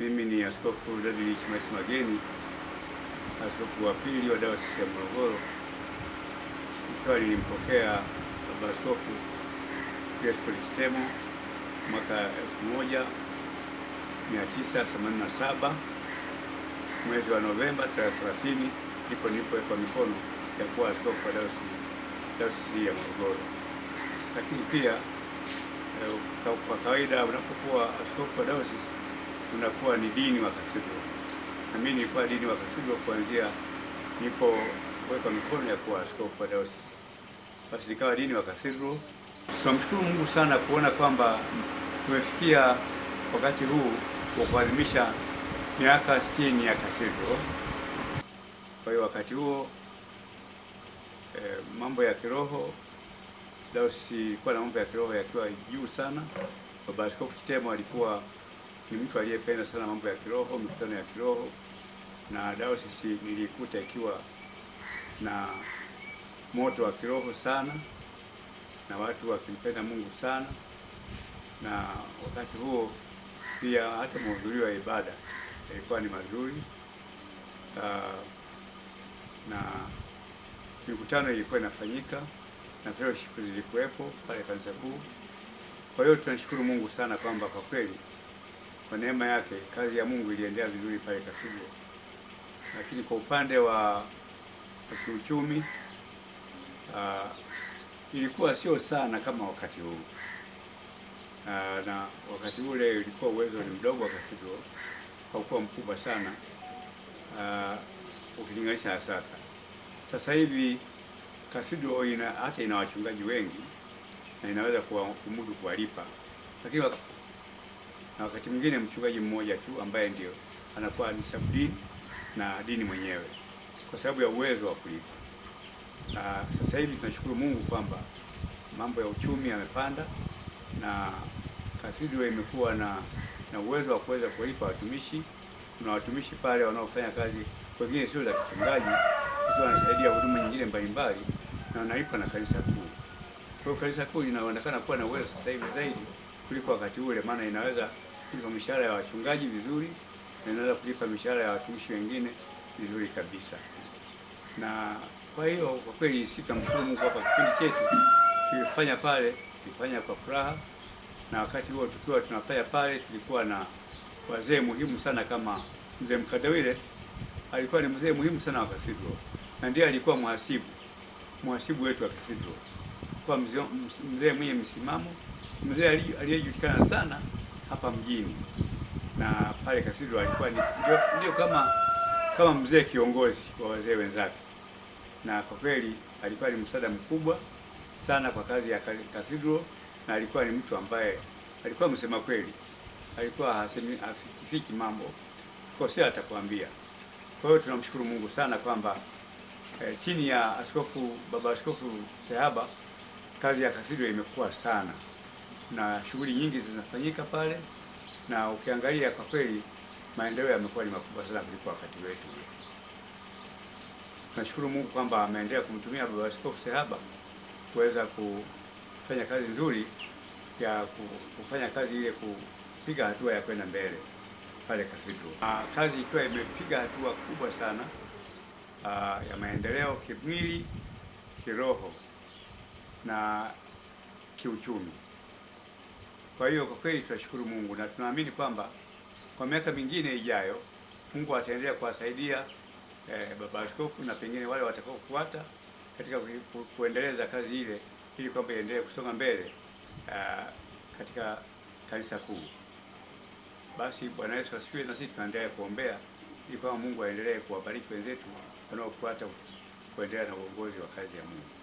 Mimi ni Askofu Dadili Ishmael Mageni, askofu wa pili wa Dayosisi ya Morogoro. Ikiwa nilimpokea baba askofu Geoffrey Kitemo mwaka 1987 mwezi wa Novemba tarehe 30 ndipo nilipowekwa mikono ya kuwa askofu wa Dayosisi ya Morogoro. Lakini pia eh, kwa kawaida unapokuwa askofu wa dayosisi unakuwa ni dini wa Kasigwa, na mimi nilikuwa dini wa Kasigwa kuanzia nilipowekwa mikono ya kuwa askofu wa dayosisi, basi nikawa dini wa Kasigwa. Tunamshukuru Mungu sana kuona kwamba tumefikia wakati huu wa kuadhimisha miaka 60 ya Kasigwa. Kwa hiyo wakati huo eh, mambo ya kiroho dayosisi ilikuwa na mambo ya kiroho yakiwa juu sana. Baba Askofu Chitema alikuwa ni mtu aliyependa sana mambo ya kiroho, mikutano ya kiroho, na dayosisi nilikuta ikiwa na moto wa kiroho sana na watu wakimpenda Mungu sana, na wakati huo pia hata mahudhurio ya ibada yalikuwa ni mazuri uh, na mikutano ilikuwa inafanyika na fellowship zilikuwepo pale kanisa kuu. Kwa hiyo tunashukuru Mungu sana kwamba kwa kweli kwa neema yake kazi ya Mungu iliendelea vizuri pale Kasivyo, lakini kwa upande wa kiuchumi uh, ilikuwa sio sana kama wakati huu uh, na wakati ule ilikuwa uwezo ni mdogo wa Kasivyo, haukuwa mkubwa sana uh, ukilinganisha na sasa. Sasa hivi Kasivyo ina hata ina wachungaji wengi na inaweza kuwa kumudu kuwalipa lakini na wakati mwingine mchungaji mmoja tu ambaye ndio anakuwa ni sabdini na dini mwenyewe kwa sababu ya uwezo wa kulipa. Na sasa hivi tunashukuru Mungu kwamba mambo ya uchumi yamepanda na kasidiwe imekuwa na na uwezo wa kuweza kulipa watumishi. Kuna watumishi pale wanaofanya kazi wengine sio za kichungaji, ikiwa wanasaidia huduma nyingine mbalimbali na wanalipa na kanisa kuu. Kwa hiyo kanisa kuu inaonekana kuwa na uwezo sasa hivi zaidi kuliko wakati ule, maana inaweza kulipa mishahara ya wachungaji vizuri na inaweza kulipa mishahara ya watumishi wengine vizuri kabisa. Na kwa hiyo kwa kweli sisi tunamshukuru Mungu kwa kipindi chetu tulifanya pale, tulifanya kwa furaha, na wakati huo tukiwa tunafanya pale tulikuwa na wazee muhimu sana kama mzee Mkadawile alikuwa ni mzee muhimu sana wa Kasidro na ndiye alikuwa mhasibu mhasibu wetu wa Kasidro, kwa mzee mwenye msimamo, mzee aliyejulikana sana hapa mjini na pale Kasido alikuwa ndio kama kama mzee kiongozi wa wazee wenzake, na kwa kweli alikuwa ni msaada mkubwa sana kwa kazi ya Kasido, na alikuwa ni mtu ambaye alikuwa msema kweli, alikuwa hasemi afikifiki mambo kosea, atakwambia. Kwa hiyo tunamshukuru Mungu sana kwamba eh, chini ya askofu baba askofu Sehaba kazi ya Kasido imekuwa sana na shughuli nyingi zinafanyika pale, na ukiangalia kwa kweli maendeleo yamekuwa ni makubwa sana kuliko wakati wetu. Nashukuru Mungu kwamba ameendelea kumtumia Baba Askofu Sehaba kuweza kufanya kazi nzuri ya kufanya kazi ile kupiga hatua ya kwenda mbele pale Kasitu. Ah, kazi ikiwa imepiga hatua kubwa sana aa, ah, ya maendeleo kimwili, kiroho na kiuchumi. Kwa hiyo kwa kweli tunashukuru Mungu na tunaamini kwamba kwa miaka mingine ijayo Mungu ataendelea kuwasaidia eh, baba askofu na pengine wale watakaofuata katika kuendeleza kazi ile ili kwamba iendelee kusonga mbele uh, katika kanisa kuu. Basi Bwana Yesu asifiwe, na sisi tunaendelea kuombea ili kwamba Mungu aendelee kuwabariki wenzetu wanaofuata kuendelea na uongozi wa kazi ya Mungu.